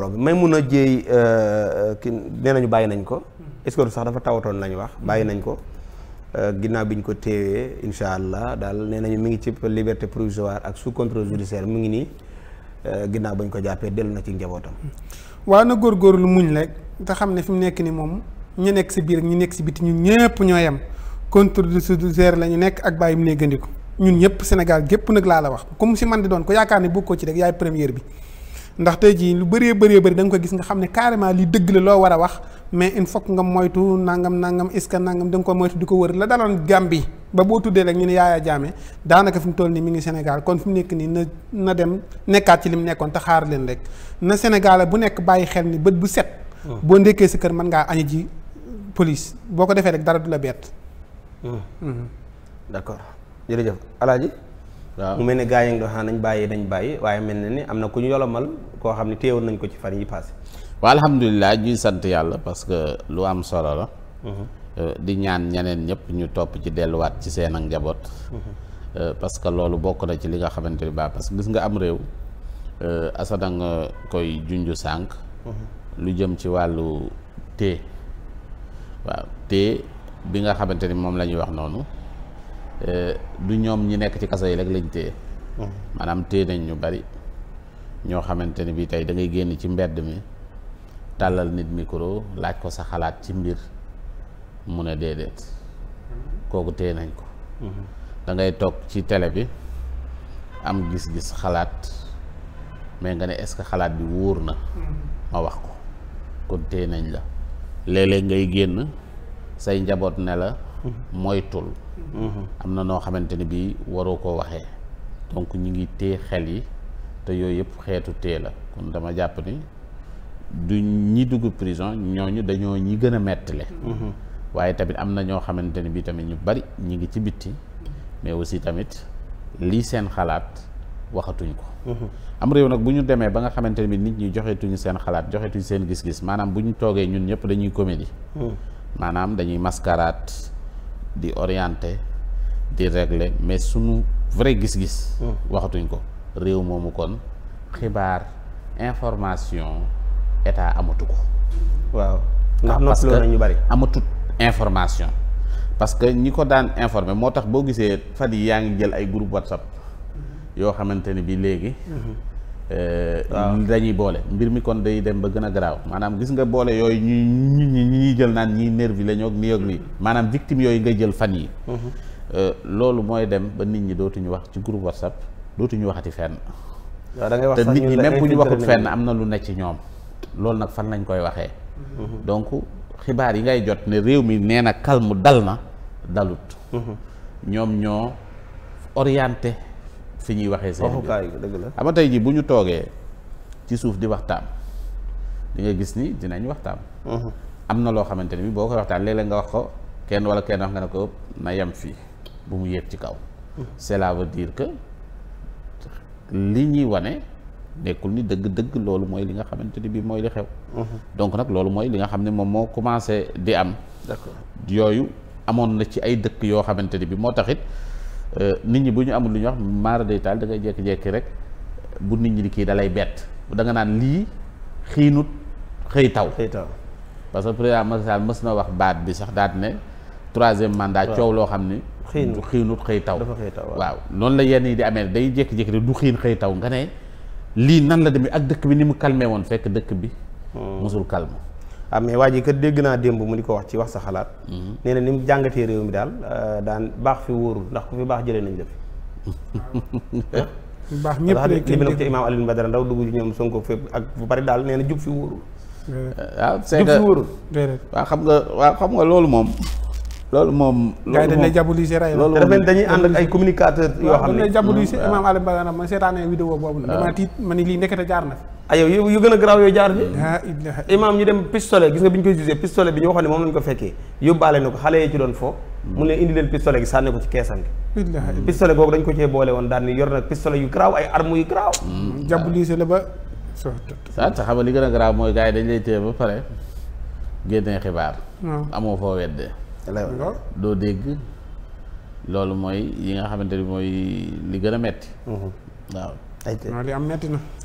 may mun a jéey ki nee nañu bàyyi nañ ko hmm. est sax dafa tawatoon lañu wax bàyyi nañ ko euh, ginnaaw bi ñu ko téewee incha allah daal nee nañu mi ngi ci liberté provisoire ak sous contrôle judiciaire mu ngi nii euh, ginnaaw ba ñu ko jàppee dellu na ci njabootam hmm. waaw na góor góorgóorlu muñ rek te xam ne fi mu nekk ni moom ñu nekk si biir ak ñu nekk si biti ñu ñëpp ñoo yem contrôle judiciaire la ñu nekk ak bàyyi mu ne gëndiku ñun ñëpp Sénégal gépp nag laa la wax comme si man di doon ko yaakaar ne bokkoo ci rek yaay première bi ndax tey jii lu bëree bëree bëri da nga ko gis nga xam ne carrément li dëgg la loo war a wax mais il faut nga moytu nangam nangam iska nangam da nga ko moytu di ko wër la daloon bi ba boo tuddee rek ñu ne Yaya Jammeh daanaka fi mu toll nii mu ngi Sénégal kon fi mu nekk nii na na dem nekkaat ci li mu nekkoon te xaar leen rek na Sénégal bu nekk bàyyi xel ni bët bu set. Hmm. boo ndekkee sa kër man ngaa añi ji police boo ko defee rek dara du la bett. Hmm. Hmm. d'accord jërëjëf waaw mu mel ne gaa yi ngi xam nañ bàyyi nañ bàyyi waaye mel na ni am na ku ñu yolomal koo xam ne téewoon nañ ko ci fan yi passé waaw alhamdulilah ñuy sant yàlla parce que lu am solo la mhm. euh, di ñaan ñeneen ñëpp ñu topp ci delluwaat ci seen njaboot mhm. euh, parce que loolu bokk na ci li nga xamante ni baax parce que gis nga am réew euh, asana nga koy junju sànq mhm. lu jëm ci wàllu tée waaw tée bi nga xamante ni moom la ñuy wax noonu Euh, du ñoom ñi nekk ci kaso yi rek lañ téye maanaam téye nañ ñu bari ñoo xamante ni bii tey dangay génn ci mbedd mi tàllal nit micro laaj ko sa xalaat ci mbir mu ne déedéet kooku téye nañ ko da ngay toog ci tele bi am gis-gis xalaat mais nga ne est-ce que xalaat bi wóor na ma wax ko kon téye nañ la léeg ngay génn say njaboot ne la mooy moytul mm-hmm. am na noo xamante ne bii waroo koo waxee donc ñu ngi téye xel yi te yooyu yëpp xeetu tée la kon dama jàpp ni du ñi dugg prison ñooñu dañoo ñi gën a mettale mm-hmm. waaye tamit am na ñoo xamante ne bii tamit ñu bari ñi ngi ci bitti mais aussi tamit lii seen xalaat waxatuñ ko mm-hmm. am réew nag bu ñu demee ba nga xamante ne bi nit ñi joxetuñu seen xalaat joxetuñu seen gis-gis maanaam bu ñu toogee ñun ñëpp dañuy comédie maanaam dañuy mascarade di orienter di régler mais suñu vrai gis-gis. Hmm. waxatuñ ko réew moomu kon xibaar information état amatu ko. waaw ah, ndax noppaloo nañu bari amatut information. parce que ñi ko daan informé moo tax boo gisee fan yi yaa ngi jël ay groupe WhatsApp yoo xamante ni bi léegi. Hmm. Euh, dañuy boole mbir mi kon day dem ba gën a garaaw maanaam gis nga boole yooyu ñu ñu ñi ñu jël naan ñiy nervi la ñoog nii ak lii maanaam victime yooyu ngay jël fan yi mhm. euh, loolu mooy dem ba nit ñi dootuñu wax ci groupe whatsapp ñu waxati fenn te nit ñi même bu ñu waxut fenn am na lu ne ci ñoom loolu nag fan lañ koy waxee mhm. donc xibaar yi ngay jot ne réew mi nee na calme dal na dalut mhm. ñoom ñoo orienté fi ñuy waxee seen dëgg la ama tey ji bu ñu toogee ci suuf di waxtaan di nga gis ni dinañ waxtaan mhm. am na loo xamante ne bi boo koy waxtaan léeg nga wax ko kenn wala kenn wax nga ne ko na yem fii bu mu yéeg ci kaw mhm. cela veut dire que li ñuy wane nekkul ni dëgg-dëgg loolu mooy li nga xamante ni bii mooy li xew. Mhm. donc nag loolu mooy li nga xam ne moom moo commencé di am. yooyu amoon na ci ay dëkk yoo xamante ni bii moo taxit Euh, nit ñi bu ñu amul lu ñuy wax maara day taal da ngay jékki-jékki rek bu nit ñi di kii dalay bett da nga naan lii xiinut xëy taw. xëy taw parce que président Macky mës na wax baat bi sax daat ne troisième mandat. coow loo xam ni. xiinut xiinut xëy taw. waaw noonu la yenn yi di amee day jékki-jékki rek du xiin xëy taw nga ne lii nan la demee ak dëkk bi ni mu kalmee woon fekk dëkk bi. Hmm. mosul calme. ah mais waa ji kat dégg naa démb mu di ko wax ci wax sa xalaat. Mhm. nee ni mu jàngatee réew mi daal euh, daan baax fi wóorul ndax ku fi baax jëlee nañ la fi. baax ñëpp rek ndax li mu nekk ci imaam Alioune Badara Ndaw duggu ci ñoom Sonko fépp ak bu bari daal nee jub fi wóorul. Eh, waaw c'est jub fi wóorul. waaw xam nga waa xam nga loolu moom. loolu moom. loolu dañ lay diaboliser rey la. dañuy ànd ak ay yoo xam ne dañ lay diaboliser hmm. imam Aliou Badara man hmm. na fi. ah yow jaar bi. ñu dem pistolet gis nga bi ñu bi ñu ko fekkee yóbbaale na ko xale yi ci doon fo mu ne ko ci keesam bi pistolet googu dañ ko cee boole woon daal ni yor nag pistolet yu garaaw ay hmm. xam nga li gën a garaaw mooy gars dañ lay téye ba pare génnee xibaar amoo foo weddee doo dégg loolu mooy yi nga xamante ni mooy li gën a metti mhm. waaw. li am metti na.